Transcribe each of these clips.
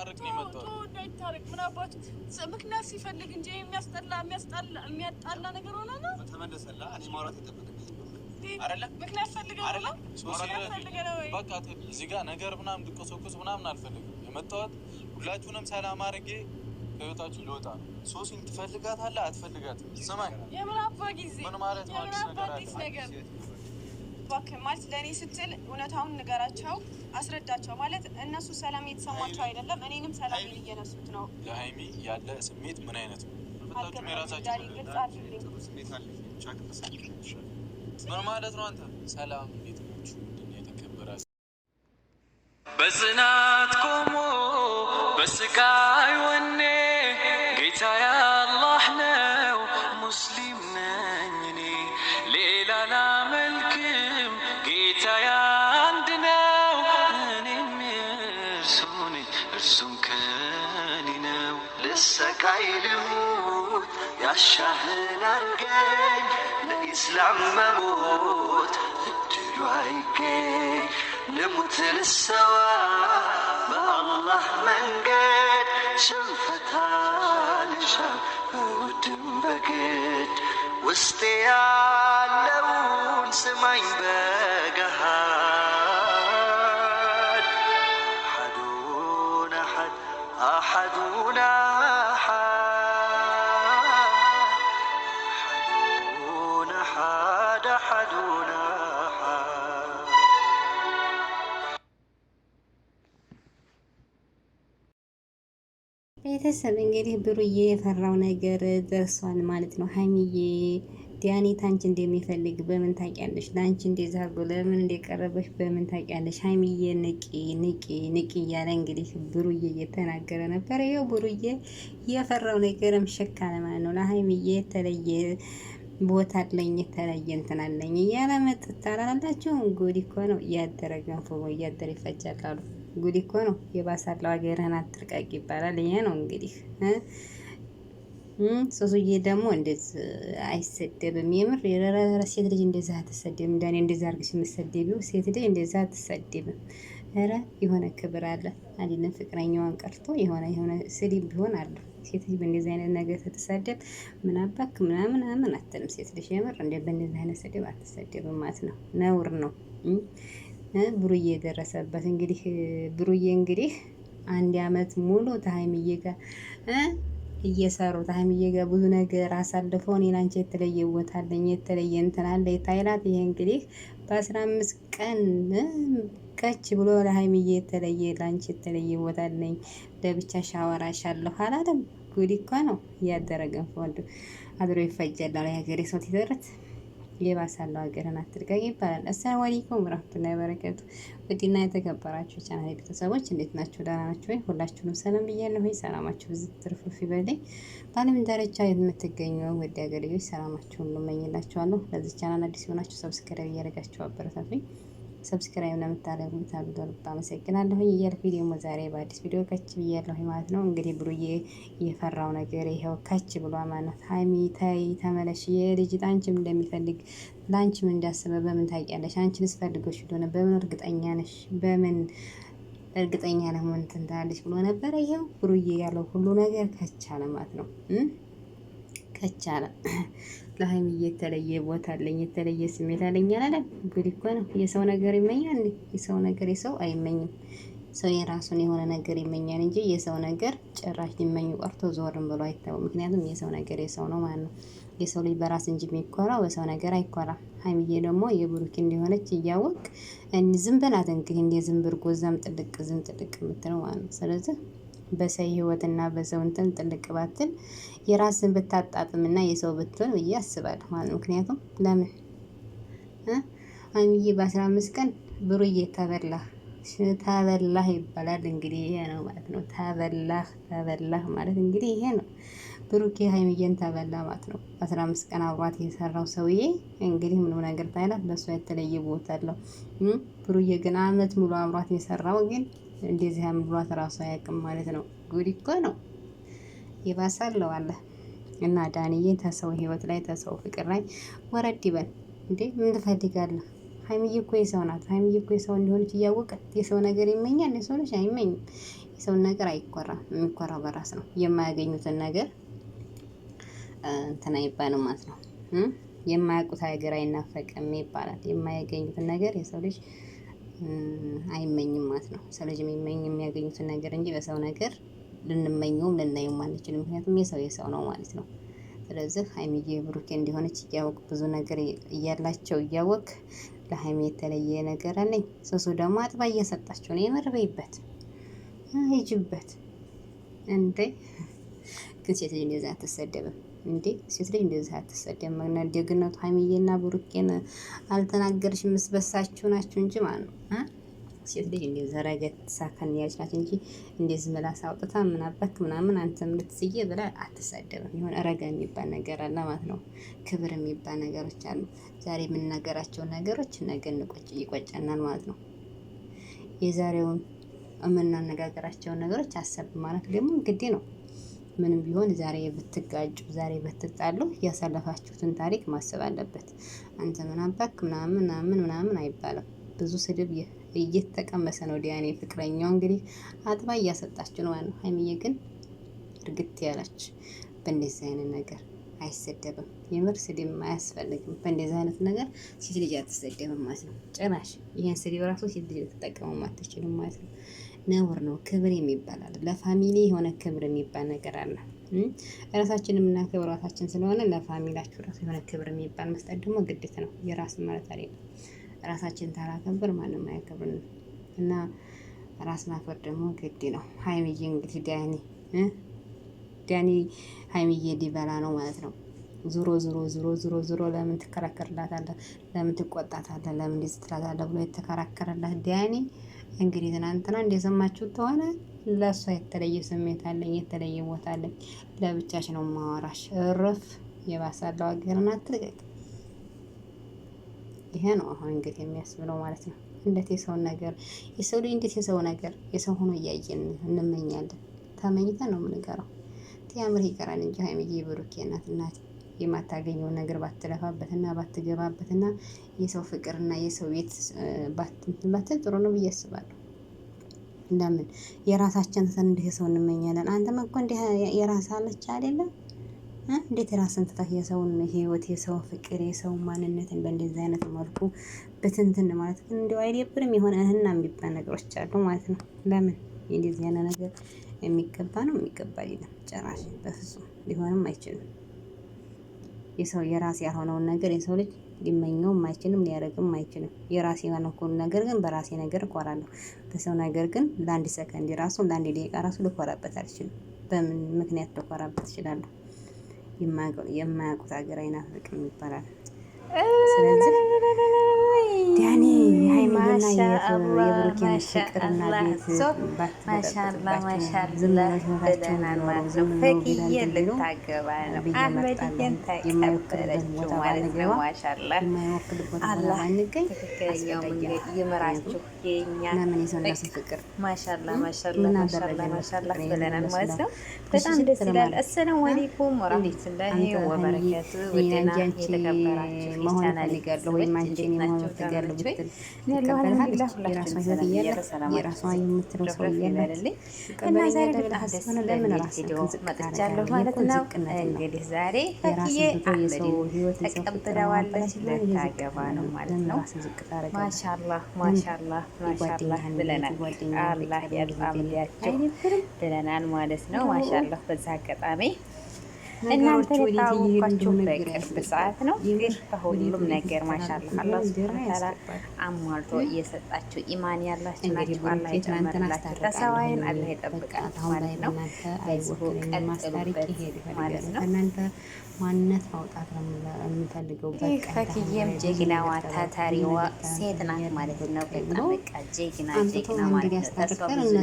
እንዳይታረቅ ነው የመጣሁት። እንዳይታረቅ ምን አባቱ ምክንያት ሲፈልግ እንጂ የሚያስጠላ የሚያስጠላ የሚያጣላ ነገር ሆነ ነው። ተመለሰላ እኔ ማውራት የጠበቅብኝ ምክንያት ፈልገህ አይደለም። በቃ እዚህ ጋር ነገር ምናምን እንድቆሰቁስ ምናምን አልፈልግም። የመጣሁት ሁላችሁንም ሰላም አድርጌ ህይወታችሁ ልወጣ ነው። ሶስን ትፈልጋታለህ አትፈልጋትም? ስማኝ፣ ምን ማለት ነው? አዲስ ነገር አዲስ ነገር አትባክም ማለት ለእኔ ስትል እውነታውን ንገራቸው፣ አስረዳቸው ማለት እነሱ ሰላም የተሰማቸው አይደለም፣ እኔንም ሰላም እየነሱት ነው። ለሀይሚ ያለ ስሜት ምን አይነት ነው? ምን ማለት ነው? አንተ ሰላም ቤቶቹ የተከበራል በጽናት ቆሞ በስቃይ ወኔ ዙንከኒ ነው ልሰቃይ ልሁት ያሻህን አርገኝ ለኢስላም መሞት እድሉ አይገኝ ልሙት ልሰዋ በአላህ መንገድ ሽንፈታ ልሻ በውድም በግድ ውስጤ ያለውን ስማኝ በ ቤተሰብ እንግዲህ ብሩዬ የፈራው ነገር ደርሷል ማለት ነው። ሀይሚዬ ዲያኔት አንቺ እንደሚፈልግ በምን ታውቂያለሽ? ለአንቺ እንደዛ አድርጎ ለምን እንደቀረበሽ በምን ታውቂያለሽ? ሀይሚዬ ንቂ ንቂ ንቂ እያለ እንግዲህ ብሩዬ እየተናገረ ነበረ። ይኸው ብሩዬ የፈራው ነገርም ሸካ ማለት ነው። ለሀይሚዬ የተለየ ቦታ አለኝ የተለየ እንትን አለኝ እያለ መጥታ አላላላችሁም? ጉድ እኮ ነው። እያደረገን ፎጎ እያደረ ይፈጃል አሉ ጉድ እኮ ነው። የባሳለው ሀገርህን አትርቃቅ ይባላል። ይሄ ነው እንግዲህ። ሶሱዬ ደግሞ እንደዚህ አይሰደብም። የምር የረረ ሴት ልጅ እንደዛ አትሰደብም። እንዳኔ እንደዛ አድርግሽ የምትሰደቢው ሴት ልጅ እንደዛ አትሰደብም። ረ የሆነ ክብር አለ አይደለም? ፍቅረኛዋን ቀርቶ የሆነ የሆነ ስድብ ቢሆን አለ። ሴት ልጅ በእንደዚህ አይነት ነገር ስትሰደብ ምን አባክ ምናምን ምናምን አትልም። ሴት ልጅ የምር እንደ በእንደዚህ አይነት ስድብ አትሰደብም ማለት ነው። ነውር ነው። ብሩዬ የደረሰበት እንግዲህ ብሩዬ እንግዲህ አንድ አመት ሙሉ ታይምዬ ጋር እየሰሩ ታይምዬ ጋር ብዙ ነገር አሳልፎ እኔ ላንቺ የተለየ ቦታ አለኝ የተለየ እንትን አለ ታይላት። ይሄ እንግዲህ በአስራ አምስት ቀን ቀች ብሎ ለሀይምዬ የተለየ ላንቺ የተለየ ቦታ አለኝ ለብቻ ሻወራሻለሁ አላለም። ጉድ እኮ ነው እያደረገን ፈወዱ አድሮ ይፈጀላል የሀገሬ ሰው ትተረት ሌባ ሳለው ሀገርን አትድጋ ይባላል። አሰላሙ አለይኩም ወራህመቱላሂ ወበረካቱ። ውድና የተከበራችሁ ቻናል ቤተሰቦች እንዴት ናችሁ? ደህና ናችሁ ወይ? ሁላችሁንም ሰላም ብያለሁ። ወይ ሰላማችሁ ብዙ ትርፍርፍ ይበልኝ። በዓለም ደረጃ የምትገኙ ውድ ሀገር ልጆች ሰላማችሁን ልመኝላችኋለሁ። ለዚህ ቻናል አዲስ የሆናችሁ ሰብስክራይብ እያደረጋችሁ አበረታቱኝ። ሰብስክራይብ ለምታደርጉ ታግዶልባ አመሰግናለሁ እያልኩ ደግሞ ዛሬ በአዲስ ቪዲዮ ከች ብያለሁ ማለት ነው። እንግዲህ ብሩዬ የፈራው ነገር ይኸው ከች ብሎ ማለት ሀይሚ ተይ ተመለሽ፣ የልጅ አንቺም እንደሚፈልግ ለአንቺም እንዳስበ በምን ታውቂያለሽ? አንቺን ስፈልገሽ ብሎ በምን እርግጠኛ ነሽ? በምን እርግጠኛ ለመሆን ትንታለች ብሎ ነበረ። ይኸው ብሩዬ ያለው ሁሉ ነገር ከቻለ ማለት ነው። ከቻለ ለሀይሚ የተለየ ቦታ አለኝ፣ የተለየ ስሜት አለኝ አላለም። እንግዲህ እኮ ነው የሰው ነገር ይመኛል። የሰው ነገር የሰው አይመኝም። ሰው የራሱን የሆነ ነገር ይመኛል እንጂ የሰው ነገር ጭራሽ ሊመኙ ቀርቶ ዞርም ብሎ አይታወቅም። ምክንያቱም የሰው ነገር የሰው ነው ማለት ነው። የሰው ልጅ በራስ እንጂ የሚኮራው በሰው ነገር አይኮራም። ሀይሚዬ ደግሞ የብሩክ እንዲሆነች እያወቅ ዝም በላት እንግዲህ እንደ ዝንብር ጎዛም ጥልቅ ዝም ጥልቅ የምትለው ማለት ነው። ስለዚህ በሰው ህይወትና በሰው እንትን ጥልቅ ባትል የራስን ብታጣጥምና የሰው ብትሆን ብዬ አስባለሁ ማለት ምክንያቱም ለምን አሚዬ በአስራ አምስት ቀን ብሩዬ ተበላህ ተበላህ ይባላል። እንግዲህ ይሄ ነው ማለት ነው። ተበላህ ተበላህ ማለት እንግዲህ ይሄ ነው። ብሩኬ ሀይሚዬን ተበላ ማለት ነው። አስራ አምስት ቀን አብሯት የሰራው ሰውዬ እንግዲህ ምንም ነገር ታይላት ለእሷ የተለየ ቦታ አለው። ብሩዬ ግን አመት ሙሉ አብሯት የሰራው ግን እንደዚህ አምብሏት ራሱ አያውቅም ማለት ነው። ጉድ እኮ ነው ይባሳለው አለ እና ዳንዬ ተሰው ህይወት ላይ ተሰው ፍቅር ላይ ወረድ ይበል እንዴ። ምን ትፈልጋለህ? ሀይሚዬ እኮ የሰው ናት። ሀይሚዬ እኮ የሰው እንዲሆነች እያወቀ የሰው ነገር ይመኛል። የሰው ልጅ አይመኝም። የሰውን ነገር አይኮራም። የሚኮራው በራስ ነው። የማያገኙትን ነገር እንትና ይባልም ማለት ነው። የማያውቁት ሀገር አይናፈቅም ይባላል። የማያገኙትን ነገር የሰው ልጅ አይመኝም ማለት ነው። ሰው ልጅ የሚመኝ የሚያገኙትን ነገር እንጂ በሰው ነገር ልንመኘውም ልናየውም አንችልም። ምክንያቱም የሰው የሰው ነው ማለት ነው። ስለዚህ ሀይሚዬ ብሩኬ እንዲሆነች እያወቅ ብዙ ነገር እያላቸው እያወቅ ለሀይሚ የተለየ ነገር አለኝ። ሶሱ ደግሞ አጥባ እየሰጣቸው ነው። የመርበይበት ሂጅበት እንዴ! ግን ሴት ልጅ እንደዛ አትሰደብም። እንዴ ሴት ልጅ እንደዚህ አትሰደም። ደግነቱ ሀይሚዬና ብሩኬን አልተናገርሽም። ምስበሳችሁ ናችሁ እንጂ ማለት ነው። ሴት ልጅ እንደዚህ ረገት ሳከን ያለች ናት እንጂ እንደዚህ ምላስ አውጥታ ምን አባክ ምናምን አንተም ልትስዬ ብላ አትሳደብም። ይሁን ረጋ የሚባል ነገር አለ ማለት ነው። ክብር የሚባል ነገሮች አሉ። ዛሬ የምንናገራቸው ነገሮች ነገ ይቆጨናል ማለት ነው። የዛሬውን የምናነጋገራቸውን ነገሮች አሰብ ማለት ደግሞ ግዴ ነው። ምንም ቢሆን ዛሬ ብትጋጩ፣ ዛሬ ብትጣሉ ያሳለፋችሁትን ታሪክ ማሰብ አለበት። አንተ ምን አባክ ምናምን ምናምን ምናምን አይባልም። ብዙ ስድብ እየተቀመሰ ነው ዲያኔ ፍቅረኛው እንግዲህ አጥባ እያሰጣችሁ ነው ያለው። ነው። ሀይሚዬ ግን እርግት ያላች በእንደዚህ አይነት ነገር አይሰደብም። የምር ስድብ አያስፈልግም። በእንደዚህ አይነት ነገር ሴት ልጅ አትሰደብም ማለት ነው። ጭራሽ ይህን ስድብ ራሱ ሴት ልጅ ልትጠቀመው አትችልም ማለት ነው። ነውር ነው። ክብር የሚባል አለ። ለፋሚሊ የሆነ ክብር የሚባል ነገር አለ። ራሳችን የምናከብር ራሳችን ስለሆነ ለፋሚላችሁ ራሱ የሆነ ክብር የሚባል መስጠት ደግሞ ግዴታ ነው። የራስ ማለት አይደለም። ራሳችን ታላከብር ማንም አያከብርን እና ራስ ማክበር ደግሞ ግድ ነው። ሀይሚዬ እንግዲህ ዳኒ ዳኒ ሀይሚዬ ዲበላ ነው ማለት ነው። ዙሮ ዙሮ ዙሮ ዞሮ ዞሮ ለምን ትከራከርላታለህ? ለምን ትቆጣታለህ? ለምን ስትላታለህ ብሎ የተከራከረላት ዳኒ እንግዲህ ትናንትና እንደሰማችሁ ከሆነ ለእሷ የተለየ ስሜት አለኝ፣ የተለየ ቦታ አለኝ። ለብቻሽ ነው ማወራሽ። እረፍ የባሳለው ሀገርና አትልቀቅ። ይሄ ነው አሁን እንግዲህ የሚያስብለው ማለት ነው። እንዴት የሰውን ነገር የሰው ልጅ እንዴት የሰው ነገር የሰው ሆኖ እያየን እንመኛለን። ተመኝተን ነው የምንገራው። ቲያምር ይቀራል እንጂ ሀይሚዬ ብሩኬ ናት እናት የማታገኘውን ነገር ባትለፋበትና ባትገባበትና የሰው ፍቅርና የሰው ቤት ባትል ጥሩ ነው ብዬ አስባለሁ። ለምን የራሳችን ስን እንዲህ ሰው እንመኛለን። አንተም እኮ እንዲህ የራስ አለች አይደለም እንዴት የራስን ትተህ የሰውን ህይወት የሰው ፍቅር የሰው ማንነትን በእንደዚህ አይነት መልኩ ብትንትን ማለት ግን እንዲያው አይደብርም? የሆነ እህና የሚባል ነገሮች አሉ ማለት ነው። ለምን እንደዚህ አይነት ነገር የሚገባ ነው የሚገባ አይደለም። ጭራሽ በፍጹም ሊሆንም አይችልም። የሰው የራስ ያልሆነውን ነገር የሰው ልጅ ሊመኘውም አይችልም ሊያደርግም አይችልም። የራስ የሆነውን ነገር ግን በራሴ ነገር እኮራለሁ። በሰው ነገር ግን ለአንድ ሰከንድ ራሱ ለአንድ ደቂቃ ራሱ ልኮራበት አልችልም። በምን ምክንያት ልኮራበት እችላለሁ? የማያውቁት ሀገር አይናፍቅም ይባላል። ስለዚህ ዳኒ የሃይማኖትና የብሩኪያን ፍቅርና ቤት በጣም ደስ ይላል። አሰላሙ አለይኩም ወራህመቱላሂ ወበረካቱ። ውድና የተከበራችሁ መሆን እፈልጋለሁ ወይም አንቺን የመሆን እፈልጋለሁ ብትል የራሷ የምትለው ሰው እያለ እና ዛሬ ደስሆነ ለምን ራስን ዝቅቃለሁ ማለት ነው። እንግዲህ ዛሬ ፈክዬ የሰው ህይወት ተቀብለዋለች ልታገባ ነው ማለት ነው። ማሻአላህ ማሻአላህ ማሻአላህ ብለናል። አላህ ያጣምልያቸው ብለናል ማለት ነው። ማሻአላህ በዛ አጋጣሚ እናንተ የታወቃችሁበት ሰዓት ነው። ግን ከሁሉም ነገር ማሻአላህ አላህ ሱብሃነሁ አሟልቶ እየሰጣችሁ ኢማን ያላችሁ ናችሁ። አላህ ይጨምርላችሁ። ተሰዋይን አላህ ይጠብቃችሁ ማለት ነው። በዚሁ ቀጥሉበት ማለት ነው። ማንነት ማውጣት ነው የምፈልገው። ፈክዬም ጀግናዋ ታታሪዋ ሴት ናት ማለት ነው። በጣም በቃ ጀግና ጀግና ማለት ነው። ተሰብተን ብዙ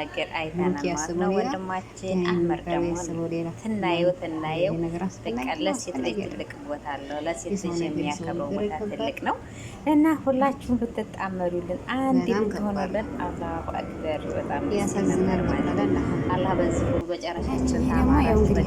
ነገር አይተናል ማለት ነው። ወንድማችን አህመድ ደግሞ ትናየው ትናየው በቃ ለሴት ልጅ ትልቅ ቦታ አለው። ለሴት ልጅ የሚያከብረው ቦታ ትልቅ ነው እና ሁላችሁም ብትጣመሩልን አንድ ብትሆኑልን፣ አላሁ አክበር በጣም ያሳዝናል ማለት ነው። አላህ በዚህ መጨረሻችን ታማራ በቃ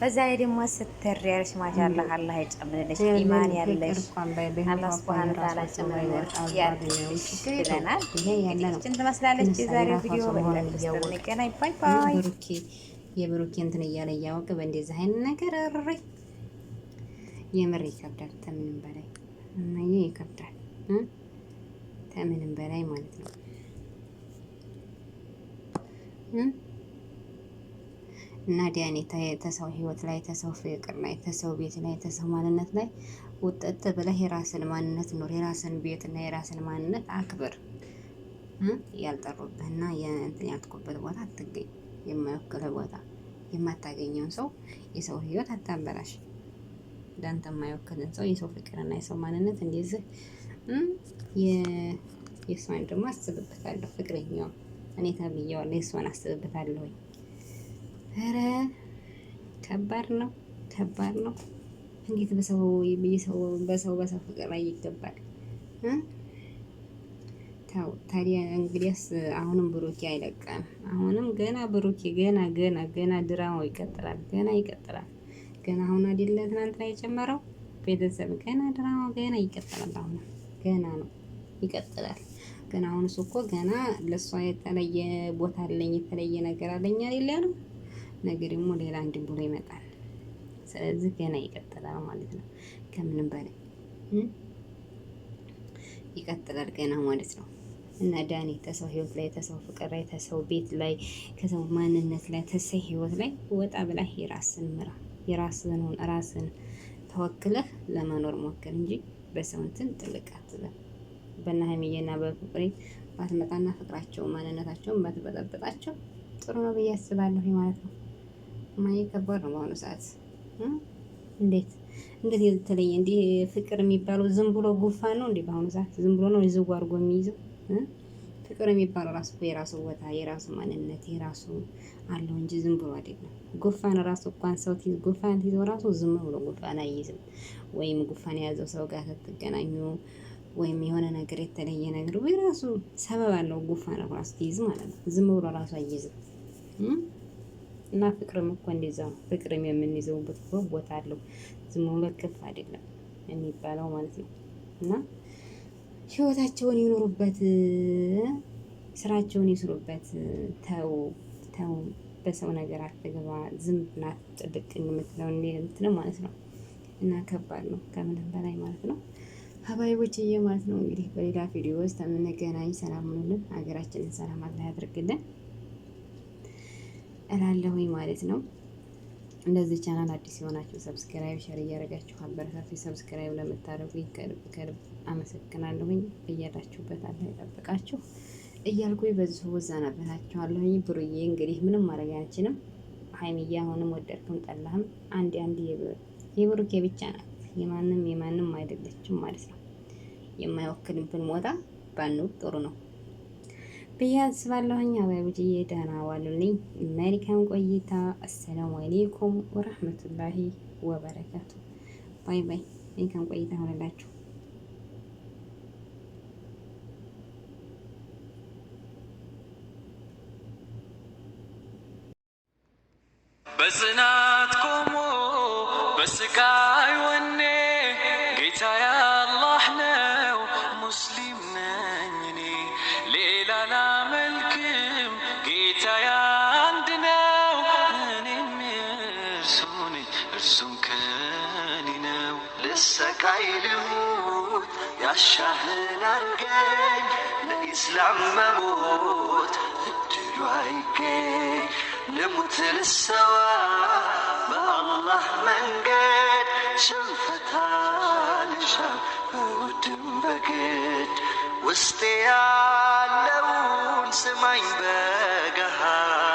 በዛ ላይ ደግሞ ስትር ያለሽ አላህ ይጨምርልሽ፣ ኢማን ያለሽ አላህ ሱብሃነ ወተዓላ ይጨምርልሽ ያለሽ ብለናል። ይህችን ትመስላለች የዛሬው ቪዲዮ። በላል ባይ ባይ። የብሩኬ እንትን እያለ እያወቀ በእንደዚህ አይነት ነገር እሪ የምር ይከብዳል። ከምንም በላይ እናዬ ይከብዳል። ከምንም በላይ ማለት ነው። እና ዲያኔ ተሰው ህይወት ላይ ተሰው ፍቅር ላይ ተሰው ቤት ላይ ተሰው ማንነት ላይ ውጥጥ ብለህ የራስን ማንነት ኑር። የራስን ቤት እና የራስን ማንነት አክብር። ያልጠሩብህ እና እንትን ያልትኩበት ቦታ አትገኝ። የማይወክልህ ቦታ የማታገኘውን ሰው የሰው ህይወት አታበላሽ። ለአንተ የማይወክልን ሰው የሰው ፍቅርና የሰው ማንነት እንደዚህ የእሷን ደግሞ አስብበታለሁ። ፍቅረኛው እኔ ተብዬዋለሁ። የእሷን አስብበታለሁኝ ኧረ ከባድ ነው፣ ከባድ ነው። እንዴት በሰው በሰው በሰው ፍቅር ይገባል? ታው ታዲያ እንግዲያስ አሁንም ብሩኬ አይለቀም። አሁንም ገና ብሩኬ ገና ገና ገና ድራማው ይቀጥላል፣ ገና ይቀጥላል። ገና አሁን አይደለ ትናንትና የጀመረው ቤተሰብ ገና ድራማው ገና ይቀጥላል። አሁን ገና ነው ይቀጥላል። ገና አሁን እሱ እኮ ገና ለእሷ የተለየ ቦታ አለኝ የተለየ ነገር አለኝ አይደል ያለው ነገ ደግሞ ሌላ አንድ ብሎ ይመጣል። ስለዚህ ገና ይቀጥላል ማለት ነው። ከምንም በላይ ይቀጥላል ገና ማለት ነው። እና ዳኒ ተሰው ህይወት ላይ ተሰው ፍቅር ላይ ተሰው ቤት ላይ ከሰው ማንነት ላይ ተሰው ህይወት ላይ ወጣ ብላ የራስን ምራ የራስን ራስን ተወክለህ ለመኖር ሞክር እንጂ በሰው እንትን ጥልቅ አትበል። በእነ ሀይሚዬና በፍቅሬ ባትመጣና ፍቅራቸው ማንነታቸውን ባትበጠበጣቸው ጥሩ ነው ብዬ አስባለሁ ማለት ነው። ማየት ከባድ ነው በአሁኑ ሰዓት። እንዴት እንዴት የተለየ እንዲህ ፍቅር የሚባለው ዝም ብሎ ጉንፋን ነው እንዴ? በአሁኑ ሰዓት ዝም ብሎ ነው ዝው አድርጎ የሚይዘው። ፍቅር የሚባለው ራሱ የራሱ ቦታ፣ የራሱ ማንነት፣ የራሱ አለው እንጂ ዝም ብሎ አይደለም። ጉፋን ራሱ እንኳን ሰው ጉንፋን ይዘው ራሱ ዝም ብሎ ጉንፋን አይይዝም። ወይም ጉፋን የያዘው ሰው ጋር ስትገናኙ ወይም የሆነ ነገር የተለየ ነገር ወይ ራሱ ሰበብ አለው። ጉንፋን ራሱ ትይዝ ማለት ነው። ዝም ብሎ ራሱ አይይዝም። እና ፍቅርም እኮ እንደዛ ነው። ፍቅርም የምንይዘውበት ቦታ አለው። ዝም ብሎ ከፍ አይደለም የሚባለው ማለት ነው። እና ህይወታቸውን ይኖሩበት፣ ስራቸውን ይስሩበት። ተው ተው፣ በሰው ነገር አትገባ። ዝም ናት ጥልቅ የምትለው የምትለው ማለት ነው። እና ከባድ ነው ከምንም በላይ ማለት ነው። ሀባይቦችዬ ማለት ነው። እንግዲህ በሌላ ቪዲዮ ውስጥ የምንገናኝ ሰላም ሁኑልን። ሀገራችንን ሰላም አላ ያድርግልን። እላለሁኝ ማለት ነው። እንደዚህ ቻናል አዲስ የሆናችሁ ሰብስክራይብ፣ ሸር እያደረጋችሁ አበረታፊ ሰብስክራይብ ለምታደርጉኝ ከልብ ከልብ አመሰግናለሁኝ። እያላችሁበት አለ ይጠብቃችሁ እያልኩኝ በዚሁ እሰናበታችኋለሁኝ። ብሩዬ እንግዲህ ምንም ማድረግ አንችልም። ሀይሚዬ አሁንም ወደድኩም ጠላህም አንድ አንድ የብሩኬ ብቻ ናት፣ የማንም የማንም አይደለችም ማለት ነው። የማይወክልብን ሞታ ባንውል ጥሩ ነው። ብዬ አስባለሁኝ። አባቢዬ ደህና ዋሉልኝ። መልካም ቆይታ። አሰላሙ አሌይኩም ወረህመቱላሂ ወበረካቱ። ባይ ባይ። መልካም ቆይታ ሆነላችሁ። በጽናት ቆሞ በስቃይ ወኔ سكاي لهوت يا الشهل ارجاي لإسلام مموت الدلو هيجاي نموت للسوا مع الله منجد شنفتها لشام ودم بجد وسطي اللون سمعي بجهاد